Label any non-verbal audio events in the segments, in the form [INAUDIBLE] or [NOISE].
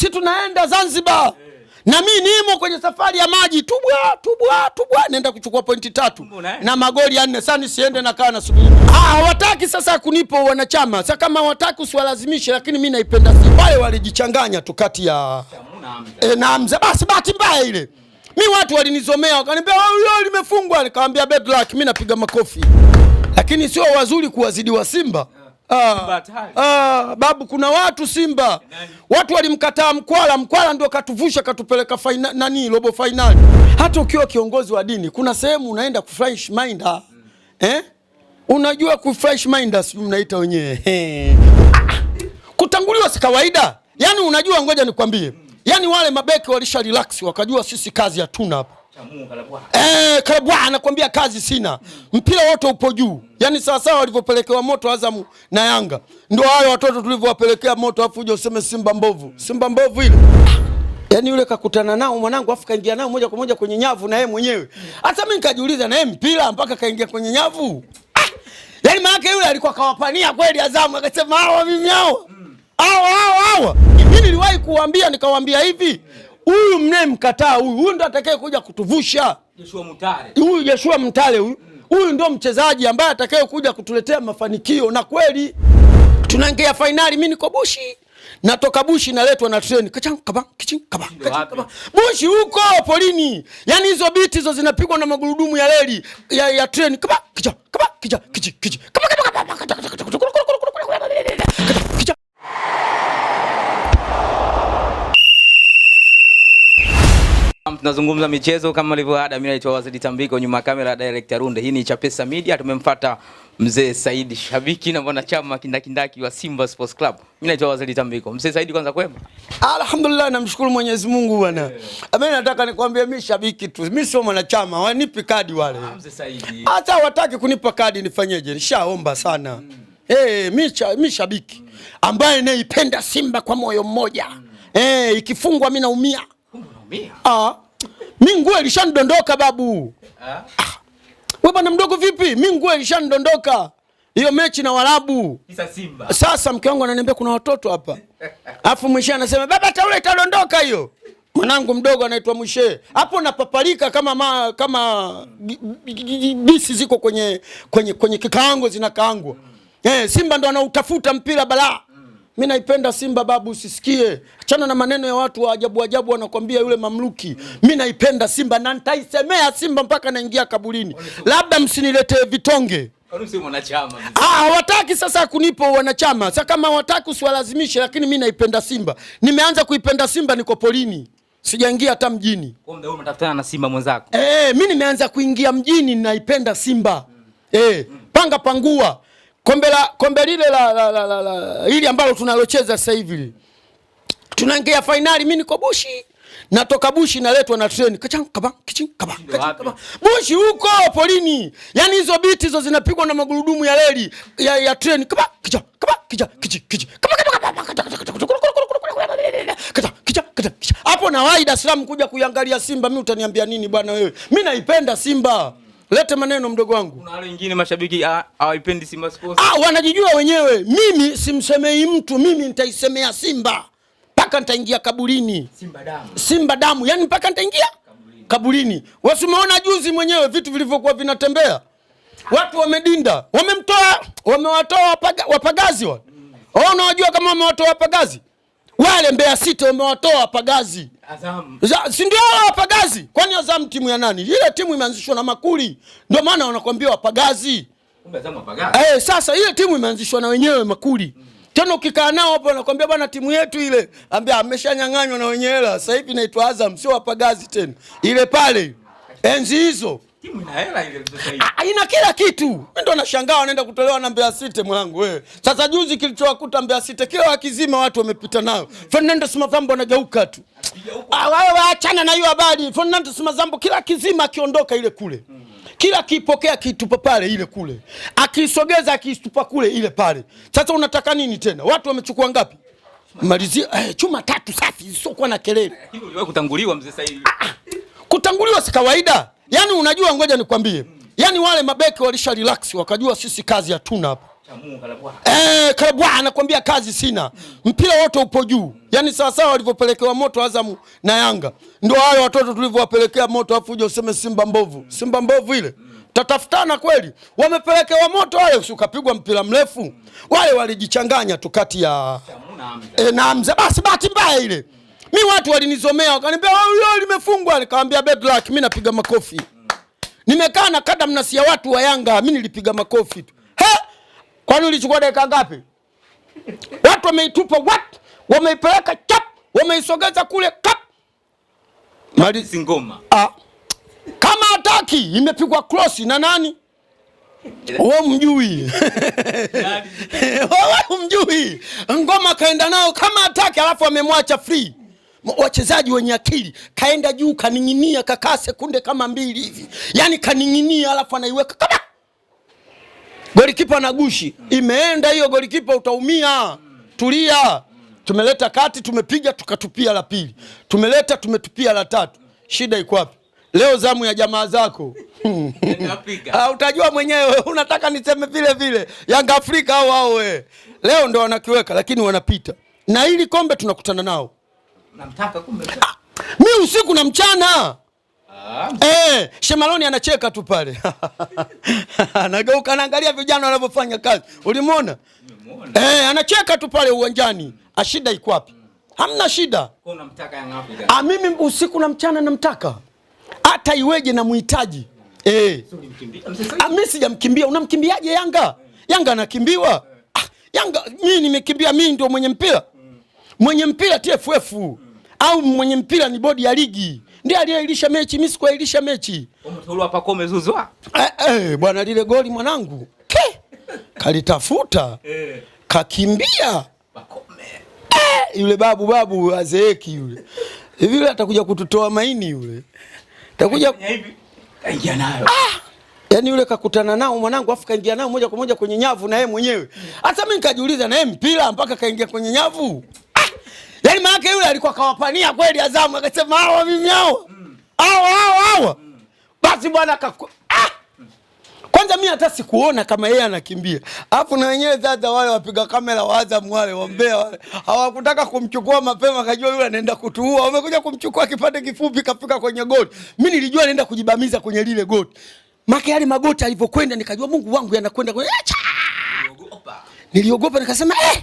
si tunaenda Zanzibar na mi nimo kwenye safari ya maji tubwa tubwa tubwa, naenda kuchukua pointi tatu na magoli ya nne. Sasa nisiende na kawa Ah, hawataki sasa kunipo wanachama. Sasa kama wataki usiwalazimishe, lakini mi naipenda. Si wale walijichanganya tu kati ya e, na mzee. Basi bahati mbaya ile mi watu walinizomea wakaniambia huyo oh, limefungwa, nikamwambia bad luck. Mi napiga makofi, lakini sio wazuri kuwazidi wa Simba Ah, ah, babu, kuna watu Simba watu walimkataa Mkwala. Mkwala ndio katuvusha katupeleka faina, nani robo fainali. Hata ukiwa kiongozi wa dini kuna sehemu unaenda kufresh mind ah. hmm. eh? Unajua kufresh mind ah, sio mnaita wenyewe ah, [LAUGHS] kutanguliwa si kawaida. Yani unajua, ngoja nikwambie, hmm. yani wale mabeki walisha relax wakajua sisi kazi hatuna hapa Eh, Karabwa anakwambia kazi sina, mpira wote upo juu. Yaani sawa sawa walivyopelekewa moto Azamu na Yanga, ndio hayo watoto tulivyowapelekea moto, afu uje useme Simba mbovu. Simba mbovu ile yaani yule kakutana nao mwanangu, afu kaingia nao moja kwa moja kwenye nyavu na yeye mwenyewe. Hata mimi nikajiuliza, na yeye mpira mpaka kaingia kwenye nyavu? Ah! Yaani maana yule alikuwa kawapania kweli Azamu, akasema hawa mimi hawa mm. hawa hawa hawa. Mimi niliwahi kuambia, nikawaambia hivi huyu mkataa huyu huyu ndo atakaye kuja kutuvusha. Huyu Joshua Mtale huyu huyu ndo mchezaji ambaye atakaye kuja kutuletea mafanikio, na kweli tunaingia fainali. Mi niko Bushi, natoka Bushi naletwa na treni Bushi huko polini, yani hizo biti hizo zinapigwa na magurudumu ya reli ya, ya treni. Tunazungumza michezo kama ilivyo ada. Mimi naitwa Wazidi Tambiko, nyuma kamera director Runde. Hii ni Chapesa Media, tumemfuata mzee Saidi, shabiki na mwanachama kindakindaki wa Simba Sports Club. Mimi naitwa Wazidi Tambiko. Mzee Saidi, kwanza kwema? Alhamdulillah, namshukuru Mwenyezi Mungu bwana. Yeah. Mimi nataka nikwambie, mimi shabiki tu, mimi sio mwanachama. Wanipi kadi wale, ah, mzee Saidi? Hata wataki kunipa kadi, nifanyeje? Nishaomba sana. Mm. Eh, hey, mimi shabiki mm, ambaye naipenda Simba kwa moyo mmoja. Mm. Eh, hey, ikifungwa mimi naumia. Mia. Ah mi nguo ilishandondoka babu. Ah, we bwana mdogo, vipi? mi nguo ilishandondoka hiyo mechi na Warabu. Simba. Sasa mke wangu ananiambia kuna watoto hapa [LAUGHS] alafu mwishe anasema baba, taule itadondoka hiyo. Mwanangu mdogo anaitwa Mwishe, hapo napapalika kama ma, kama bisi ziko kwenye kwenye, kwenye kikaango zinakaangwa. Mm. Eh, Simba ndo anautafuta mpira balaa Mi naipenda Simba babu, usisikie. Achana na maneno ya watu wa ajabu ajabu wanakwambia yule mamluki. Mi naipenda Simba na nitaisemea Simba mpaka naingia kaburini. Labda msiniletee vitonge. Ah, hawataki sasa kunipa wanachama. Sasa kama hawataki usiwalazimishe, lakini mi naipenda Simba. Nimeanza kuipenda Simba niko polini. Sijaingia hata mjini. Kwa muda huu na Simba mwenzako. Eh, mimi nimeanza kuingia mjini, naipenda Simba. Mm. Eh, panga pangua kombe la kombe lile la, la, la, la, la hili ambalo tunalocheza sasa hivi tunaingia fainali, mimi niko Bushi natoka Bushi naletwa na treni Bushi huko polini, yani hizo biti hizo zinapigwa na magurudumu ya reli ya, ya treni hapo. Nawahi Dar es Salaam kuja kuiangalia Simba, mi utaniambia nini bwana wewe? Mi naipenda Simba lete maneno mdogo wangu. Kuna wale wengine mashabiki ah, hawaipendi Simba Sports. Ah, wanajijua wenyewe. Mimi simsemei mtu, mimi nitaisemea Simba mpaka nitaingia kaburini. Simba damu. Simba damu, yaani mpaka nitaingia kaburini. Kaburini. Wasi umeona juzi mwenyewe vitu vilivyokuwa vinatembea. Watu wamedinda, wamemtoa, wamewatoa wapaga, wapagazi wa. Mm. Wao unawajua kama wamewatoa wapagazi? wale Mbeya City umewatoa Pagazi, si ndio? Wapagazi, kwani Azam timu ya nani? Ile timu imeanzishwa na Makuli, ndio maana wanakwambia Wapagazi. Eh, sasa ile timu imeanzishwa na wenyewe Makuli mm. Tena ukikaa nao hapo wanakwambia bwana, timu yetu ile ambia ameshanyang'anywa na wenyewe hela, sasa hivi inaitwa Azam, sio Wapagazi tena ile pale enzi hizo Timu ina hela ile sasa hivi. Ah, ina kila kitu. Mimi ndo nashangaa wanaenda kutolewa na Mbeya City mwanangu wewe. Sasa juzi kilichowakuta Mbeya City kila wakizima watu wamepita nayo. Fernando Simazambo anageuka tu. Ah, wewe waachana na hiyo habari. Fernando Simazambo kila kizima akiondoka ile kule. Kila kipokea kitupa pale ile kule. Akisogeza akistupa kule ile pale. Sasa unataka nini tena? Watu wamechukua ngapi? Malizia eh, chuma tatu safi sio kwa na kelele. Lakini uliwahi kutanguliwa mzee sasa hivi. Ah, ah. Kutanguliwa si kawaida. Yaani unajua, ngoja nikwambie, yaani wale mabeki walisha relax, wakajua sisi kazi hatuna hapa. Eh, Karabwa anakwambia kazi sina, mpira wote upo juu. Yaani sawasawa walivyopelekewa moto Azamu na Yanga, ndio hayo watoto tulivyowapelekea moto, afu uje useme Simba mbovu. Simba mbovu ile tatafutana kweli, wamepelekewa moto wale, ukapigwa mpira mrefu. Wale walijichanganya tu kati ya e, na Hamza, basi bahati mbaya ile Mi watu walinizomea wakaniambia oh, limefungwa. Nikamwambia bad luck, mi napiga makofi Nimekaa na kada mnasia watu wa Yanga, mimi nilipiga makofi tu. He? Kwani ulichukua dakika ngapi? Watu wameitupa what? wameipeleka chap, wameisogeza kule kap. Mali singoma. Ah. Kama hataki imepigwa cross na nani? Wewe mjui. [LAUGHS] Wewe mjui. Ngoma kaenda nao kama hataki alafu amemwacha free wachezaji wenye akili, kaenda juu kaning'inia, kakaa sekunde kama mbili hivi, yani kaning'inia, alafu anaiweka kada, golikipa anagushi, imeenda hiyo, golikipa utaumia, tulia. Tumeleta kati, tumepiga tukatupia la pili, tumeleta tumetupia la tatu, shida iko wapi? Leo zamu ya jamaa zako [LAUGHS] ha, utajua mwenyewe. Unataka niseme vile vile Yanga Afrika au ao? Leo ndo wanakiweka, lakini wanapita na hili kombe tunakutana nao Namtaka kumbe. Mimi usiku na mchana. Ah. Eh, Shemaloni anacheka tu pale. [LAUGHS] Anageuka anaangalia vijana wanavyofanya kazi. Ulimuona? Nimemuona. Eh, anacheka tu pale uwanjani. Ashida iko wapi? Hamna shida. Kwa unamtaka yangapi Ah, mimi usiku na mchana namtaka. Hata iweje namhitaji. Eh. Mimi ah, sijamkimbia. Unamkimbiaje Yanga? Eh. Yanga anakimbiwa. Eh. Ah, Yanga mimi nimekimbia, mimi ndio mwenye mpira. Mm. Mwenye mpira TFF au mwenye mpira ni bodi ya ligi, ndiye aliyeilisha mechi. Mimi sikuilisha mechi. Umetolewa hapa kwa umezuzwa eh, eh, bwana, lile goli mwanangu ke kalitafuta eh, kakimbia Pakome eh, yule babu babu azeeki yule hivi, yule atakuja kututoa maini yule atakuja hivi kaingia nayo ah! Yaani yule kakutana nao mwanangu, afu kaingia nao moja kwa moja kwenye nyavu na yeye mwenyewe. Hata mimi nikajiuliza, na yeye mpira mpaka kaingia kwenye nyavu? Yaani maana yule alikuwa kawapania kweli Azamu akasema hawa mimi hao. Mm. Hawa hawa hawa. Mm. Basi bwana kaku... ah! Kwanza mimi hata sikuona kama yeye anakimbia. Alafu na wenyewe dada wale wapiga kamera wa Azam wale wambea wale hawakutaka kumchukua mapema, akajua yule anaenda kutuua. Wamekuja kumchukua kipande kifupi, kafika kwenye goli. Mimi nilijua anaenda kujibamiza kwenye lile goli. Maki yale magoti alivyokwenda nikajua Mungu wangu yanakwenda kwenye. Niliogopa nikasema eh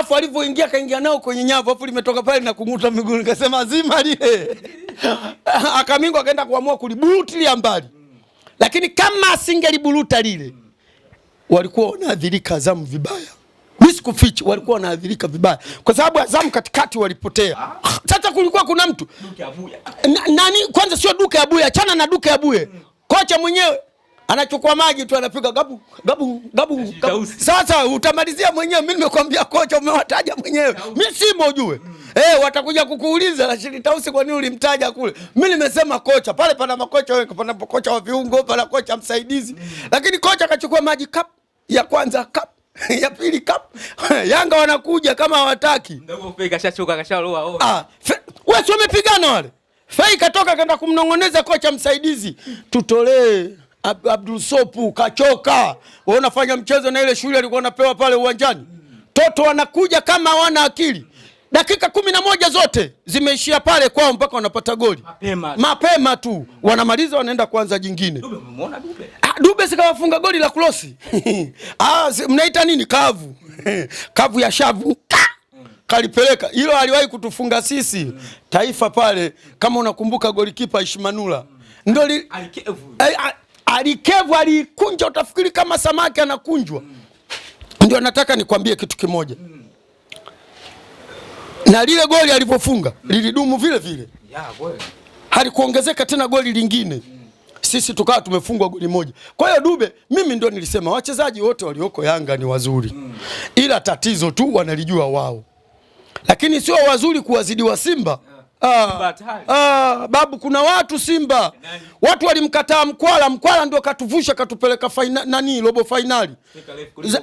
Afu alivyoingia kaingia nao kwenye nyavu, afu limetoka pale na kunguta miguu, nikasema zima lile. [LAUGHS] Akamingo akaenda kuamua kulibutilia mbali. Lakini kama asingeliburuta lile, walikuwa wanaadhirika Azamu vibaya. Mimi sikufichi, walikuwa wanaadhirika vibaya kwa sababu Azamu katikati walipotea. Sasa kulikuwa kuna mtu Duke Abuya. nani, kwanza sio Duke Abuya, Buya, achana na Duke Abuya. kocha mwenyewe anachukua maji tu anapiga gabu gabu gabu, gabu. Sasa utamalizia mwenyewe. Mimi nimekwambia kocha, umewataja mwenyewe, mimi simo jue mm. Eh, watakuja kukuuliza Rashid Tausi, kwa nini ulimtaja kule? Mimi nimesema kocha pale, pana makocha wengi, pana kocha wa viungo, pana kocha msaidizi mm. Lakini kocha akachukua maji cup ya kwanza cup [LAUGHS] ya pili cup [LAUGHS] Yanga wanakuja kama hawataki, ndio Fei kashachoka kashaloa. Ah, wewe sio umepigana wale, Fei katoka kaenda kumnong'oneza kocha msaidizi, tutolee Ab Abdul Sopu kachoka, wewe unafanya mchezo na ile shule alikuwa anapewa pale uwanjani. Toto wanakuja kama hawana akili, dakika kumi na moja zote zimeishia pale kwao mpaka wanapata goli mapema, mapema tu wanamaliza, wanaenda kuanza jingine. Dube, Dube? Ah, Dube sikawafunga goli la krosi [LAUGHS] ah, mnaita nini kavu [LAUGHS] kavu ya shavu kalipeleka hilo, aliwahi kutufunga sisi mm. Taifa pale, kama unakumbuka, golikipa Ishmanula mm. ndio alikevu, alikunja, utafikiri kama samaki anakunjwa. mm. Ndio nataka nikwambie kitu kimoja mm. na lile goli alivyofunga mm. lilidumu vile vile yeah, halikuongezeka tena goli lingine mm. Sisi tukawa tumefungwa goli moja. Kwa hiyo Dube, mimi ndio nilisema wachezaji wote walioko Yanga ni wazuri mm. ila tatizo tu wanalijua wao, lakini sio wazuri kuwazidiwa Simba yeah. Ah, ah, babu, kuna watu Simba Nani? watu walimkataa Mkwala. Mkwala ndio katuvusha katupeleka faina, nani robo fainali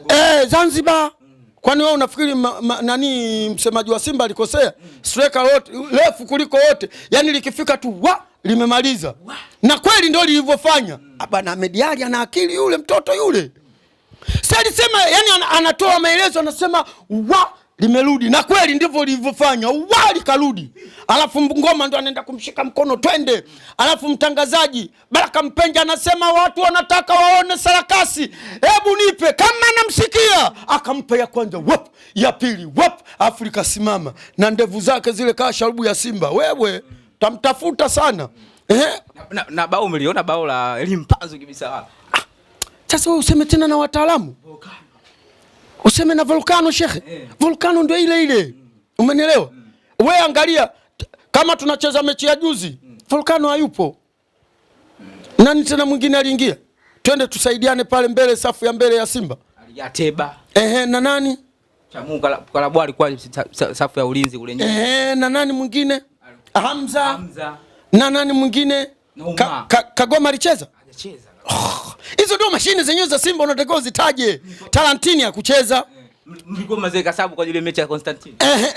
eh, Zanzibar mm. Kwani wewe unafikiri ma, ma, nani msemaji wa Simba alikosea? mm. Streka wote refu kuliko wote, yani likifika tu wa limemaliza wa. Na kweli ndio lilivyofanya mm. Ah, Bwana mediali ana akili yule mtoto yule mm. Sasa alisema, yani anatoa maelezo anasema wa limerudi na kweli ndivyo lilivyofanya. Uwali karudi, alafu ngoma ndo anaenda kumshika mkono twende, alafu mtangazaji Baraka Mpenja anasema watu wanataka waone sarakasi, hebu nipe. Kama namsikia akampa ya kwanza wop, ya pili wop alafu likasimama na ndevu zake zile kaa sharubu ya simba. Wewe tamtafuta sana eh? Na, na, na bao umeliona bao la elimpanzo kabisa. Ah. Sasa ah, useme tena na wataalamu useme na volkano shekhe, volkano ndio ile ile, umenielewa? We angalia kama tunacheza mechi ya juzi, volkano hayupo, nani tena mwingine aliingia? Twende tusaidiane pale mbele, safu ya mbele ya Simba Yateba. Ehe, na nani Kalabu alikuwa safu ya ulinzi ule nyuma. Ehe, na nani mwingine Hamza, Hamza. na nani mwingine Ka, Ka, Kagoma alicheza Oh, hizo ndio mashine zenyewe za Simba unatakiwa uzitaje. Tarantini ya kucheza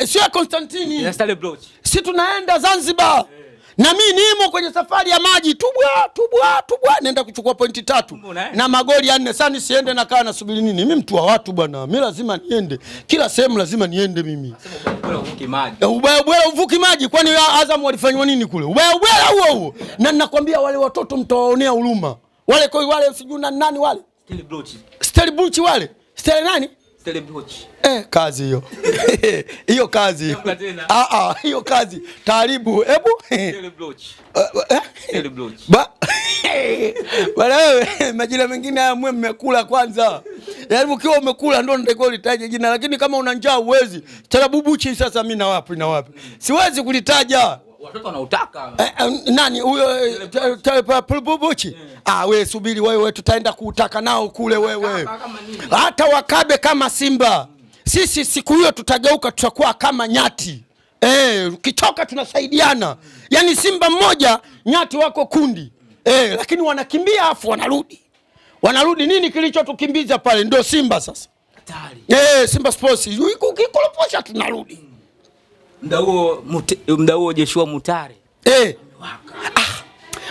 sio ya Constantine. Si tunaenda Zanzibar. Eh. Na mi nimo kwenye safari ya maji tubwa tubwa tubwa naenda kuchukua pointi tatu eh? na magoli ya nne. Sasa nisiende na kaa nasubiri nini? Mi mtu wa watu bwana. mi lazima niende. Kila sehemu lazima niende mimi. Eh, ubaya ubwela uvuki maji kwani Azam walifanywa nini kule? Ubaya ubwela huo huo. Na nakwambia wale watoto mtawaonea huruma wale koi wale sijui na nani wale Steli Bruchi wale Steli nani Steli Bruchi eh, kazi hiyo [LAUGHS] hiyo kazi ah ah, hiyo kazi taribu, hebu Steli Bruchi eh, eh? Steli Bruchi ba bwana [LAUGHS] wewe, majina mengine haya mwe mmekula kwanza, yaani ukiwa umekula ndio nitakiwa ulitaje jina, lakini kama una njaa uwezi. Tarabubuchi sasa mimi na wapi na wapi, siwezi kulitaja watoto wanautaka Eh, eh, nani huyo eh, Buchi? Eh. Ah, wewe subiri wewe, tutaenda kuutaka nao kule wewe. Hata wakabe kama simba, sisi siku hiyo tutageuka, tutakuwa kama nyati. Eh, kichoka tunasaidiana, Yani simba mmoja, nyati wako kundi. Eh, lakini wanakimbia afu wanarudi wanarudi. Nini kilichotukimbiza pale? Ndio Simba sasa. Eh, Simba Sports ukikoroposha tunarudi Mda huo Joshua Mutare eh. Ah.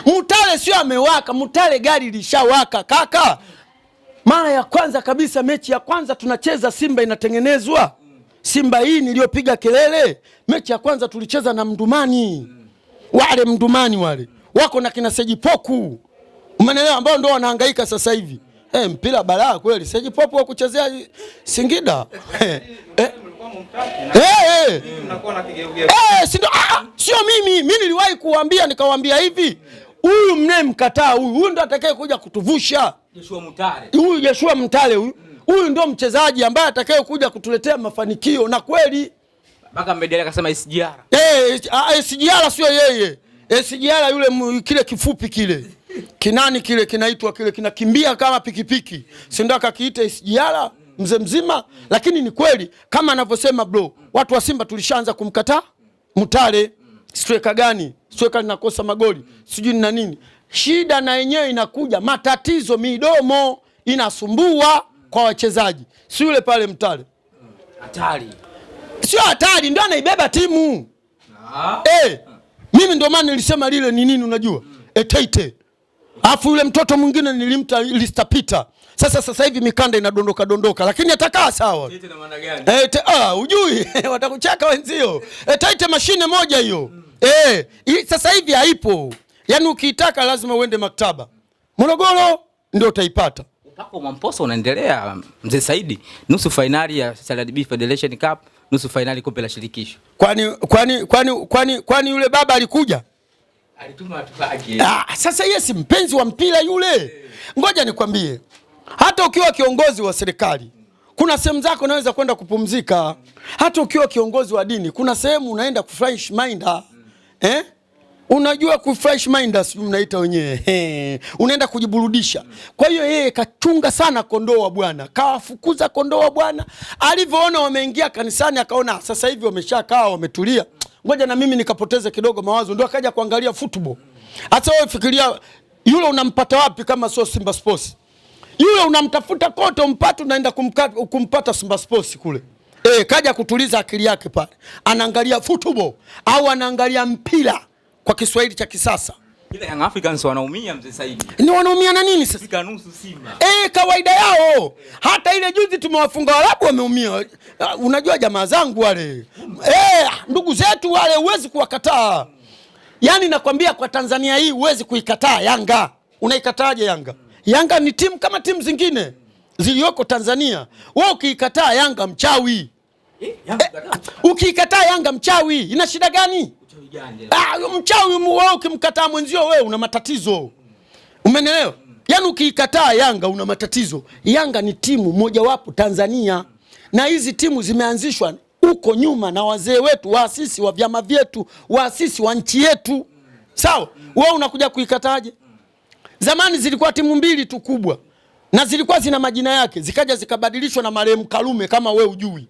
Mutare sio amewaka, Mutare gari lishawaka kaka. Mara ya kwanza kabisa, mechi ya kwanza tunacheza Simba inatengenezwa Simba hii niliyopiga kelele, mechi ya kwanza tulicheza na Mdumani wale, Mdumani wale wako na kina Sejipoku, umeelewa, ambao ndio wanahangaika sasa hivi. Hey, eh, mpira balaa kweli. Sejipoku wa kuchezea Singida hey. [LAUGHS] Eh, hey. Eh. Ah, sio mimi. mi niliwahi kuwambia nikawambia hivi, huyu mkataa huyu huyu ndo atakaye kuja kutuvusha huyu Yeshua Mtale huyu huyu ndo mchezaji ambaye atakaye kuja kutuletea mafanikio na kweli SGR sio yeye. SGR yule kile kifupi kile kinani kile kinaitwa kile kinakimbia kama pikipiki, si ndo akakiita SGR? mzee mzima, lakini ni kweli kama anavyosema bro, watu wa Simba tulishaanza kumkataa Mutale, sweka gani sweka linakosa magoli sijui na nini. Shida na yenyewe inakuja, matatizo midomo inasumbua kwa wachezaji, si yule pale Mtale hatari, sio hatari, ndio anaibeba timu ah. eh. Mimi ndio maana nilisema lile ni nini, unajua mm. eteite, eh, alafu yule mtoto mwingine nilimta Lista Peter sasa sasa hivi mikanda inadondoka dondoka, lakini atakaa sawa. Tete na maana gani? Eh, ah, ujui [LAUGHS] watakuchaka wenzio. Eh, mashine moja hiyo. Mm. Eh, sasa hivi haipo. Yaani ukiitaka lazima uende maktaba. Morogoro ndio utaipata. Upako wa unaendelea Mzee Saidi, nusu fainali ya CRDB Federation Cup, nusu fainali kombe la shirikisho. Kwani kwani kwani kwani kwani yule baba alikuja? Alituma tupaki. Ah, sasa yeye si mpenzi wa mpira yule. Eh. Ngoja nikwambie. Hata ukiwa kiongozi wa serikali kuna sehemu zako unaweza kwenda kupumzika. Hata ukiwa kiongozi wa dini kuna sehemu unaenda kufresh mind eh? Unajua kufresh mind si mnaita wenyewe, [LAUGHS] unaenda kujiburudisha. Kwa hiyo yeye kachunga sana kondoo wa Bwana, kawafukuza kondoo wa Bwana. Alivyoona wameingia kanisani, akaona ah, sasa hivi wameshakaa wametulia, ngoja na mimi nikapoteze kidogo mawazo, ndio akaja kuangalia football. Hata wewe fikiria, yule unampata wapi kama sio Simba Sports? Yule unamtafuta kote umpate, unaenda kumpata Simba Sports kule. E, kaja kutuliza akili yake pale, anaangalia football au anaangalia mpira kwa Kiswahili cha kisasa. Ile Young Africans wanaumia mzee Saidi. Ni wanaumia na nini sasa? Sika nusu Simba. Eh, kawaida yao. Hata ile juzi tumewafunga Waarabu wameumia. Uh, unajua jamaa zangu wale. Eh, ndugu zetu wale huwezi kuwakataa. Yaani nakwambia kwa Tanzania hii huwezi kuikataa Yanga. Unaikataaje Yanga? Yanga ni timu kama timu zingine ziliyoko Tanzania. Wewe ukiikataa Yanga mchawi eh, eh ukiikataa Yanga mchawi, ina shida gani? Ah, mchawi wewe ukimkataa mwenzio wewe una matatizo, umenielewa? Mm. Yaani ukiikataa Yanga una matatizo. Yanga ni timu mojawapo Tanzania, na hizi timu zimeanzishwa huko nyuma na wazee wetu, waasisi wa vyama vyetu, waasisi wa nchi yetu. Sawa, mm. wewe unakuja kuikataaje? Zamani zilikuwa timu mbili tu kubwa na zilikuwa zina majina yake, zikaja zikabadilishwa na marehemu Karume, kama we ujui.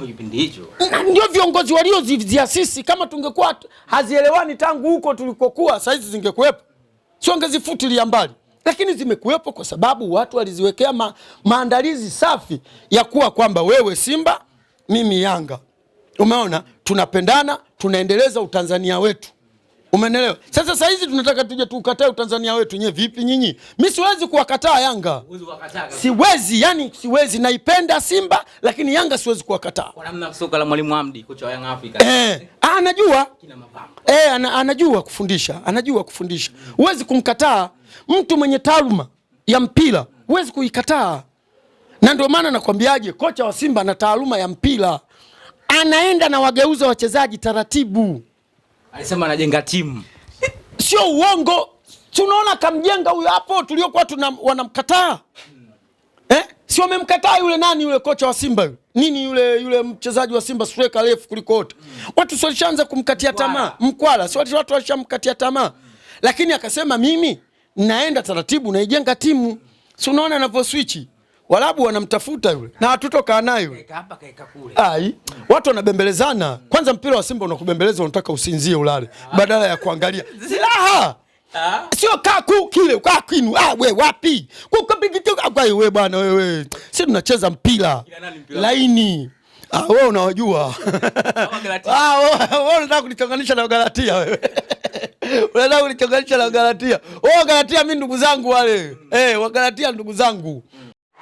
Ah, kipindi hicho ndio viongozi walioziasisi. Kama tungekuwa hazielewani tangu huko tulikokuwa, saizi zingekuwepo, siongezifutilia mbali, lakini zimekuwepo kwa sababu watu waliziwekea ma, maandalizi safi ya kuwa kwamba wewe Simba, mimi Yanga, umeona tunapendana, tunaendeleza utanzania wetu. Umenelewa? Sasa saa hizi tunataka tuje tukatae Utanzania wetu nyewe vipi nyinyi? Mimi siwezi kuwakataa Yanga. Siwezi, yani siwezi naipenda Simba lakini Yanga siwezi kuwakataa. Kwa namna soka la Mwalimu Hamdi kocha wa Yanga Eh, ah, anajua. Eh, anajua kufundisha, anajua kufundisha. Huwezi kumkataa mtu mwenye taaluma ya mpira, huwezi kuikataa. Na ndio maana nakwambiaje, kocha wa Simba ana taaluma ya mpira. Anaenda na wageuza wachezaji taratibu. Alisema anajenga timu. [LAUGHS] Sio uongo. Tunaona kamjenga huyo hapo tuliokuwa tuna wanamkataa. Hmm. Eh? Si wamemkataa yule nani yule kocha wa Simba Nini yule yule mchezaji wa Simba striker refu kuliko wote. Mm. Watu sio walishaanza kumkatia tamaa. Mkwala, sio watu walishamkatia tamaa. Mm. Lakini akasema mimi naenda taratibu naijenga timu. Si unaona anavyo switch walabu wanamtafuta yule na hatutokaa naye yule. Ai, watu wanabembelezana. Kwanza mpira wa Simba unakubembeleza, unataka usinzie ulale badala ya kuangalia silaha [LAUGHS] ah? sio kaku kile kinu ah, we wapi ah, we bwana we. si tunacheza mpira laini ah, we unawajua [LAUGHS] ah, we unataka kulichonganisha na Galatia wewe unataka kulichonganisha na Galatia. Oh, Galatia, mi ndugu zangu wale eh, Galatia ndugu zangu.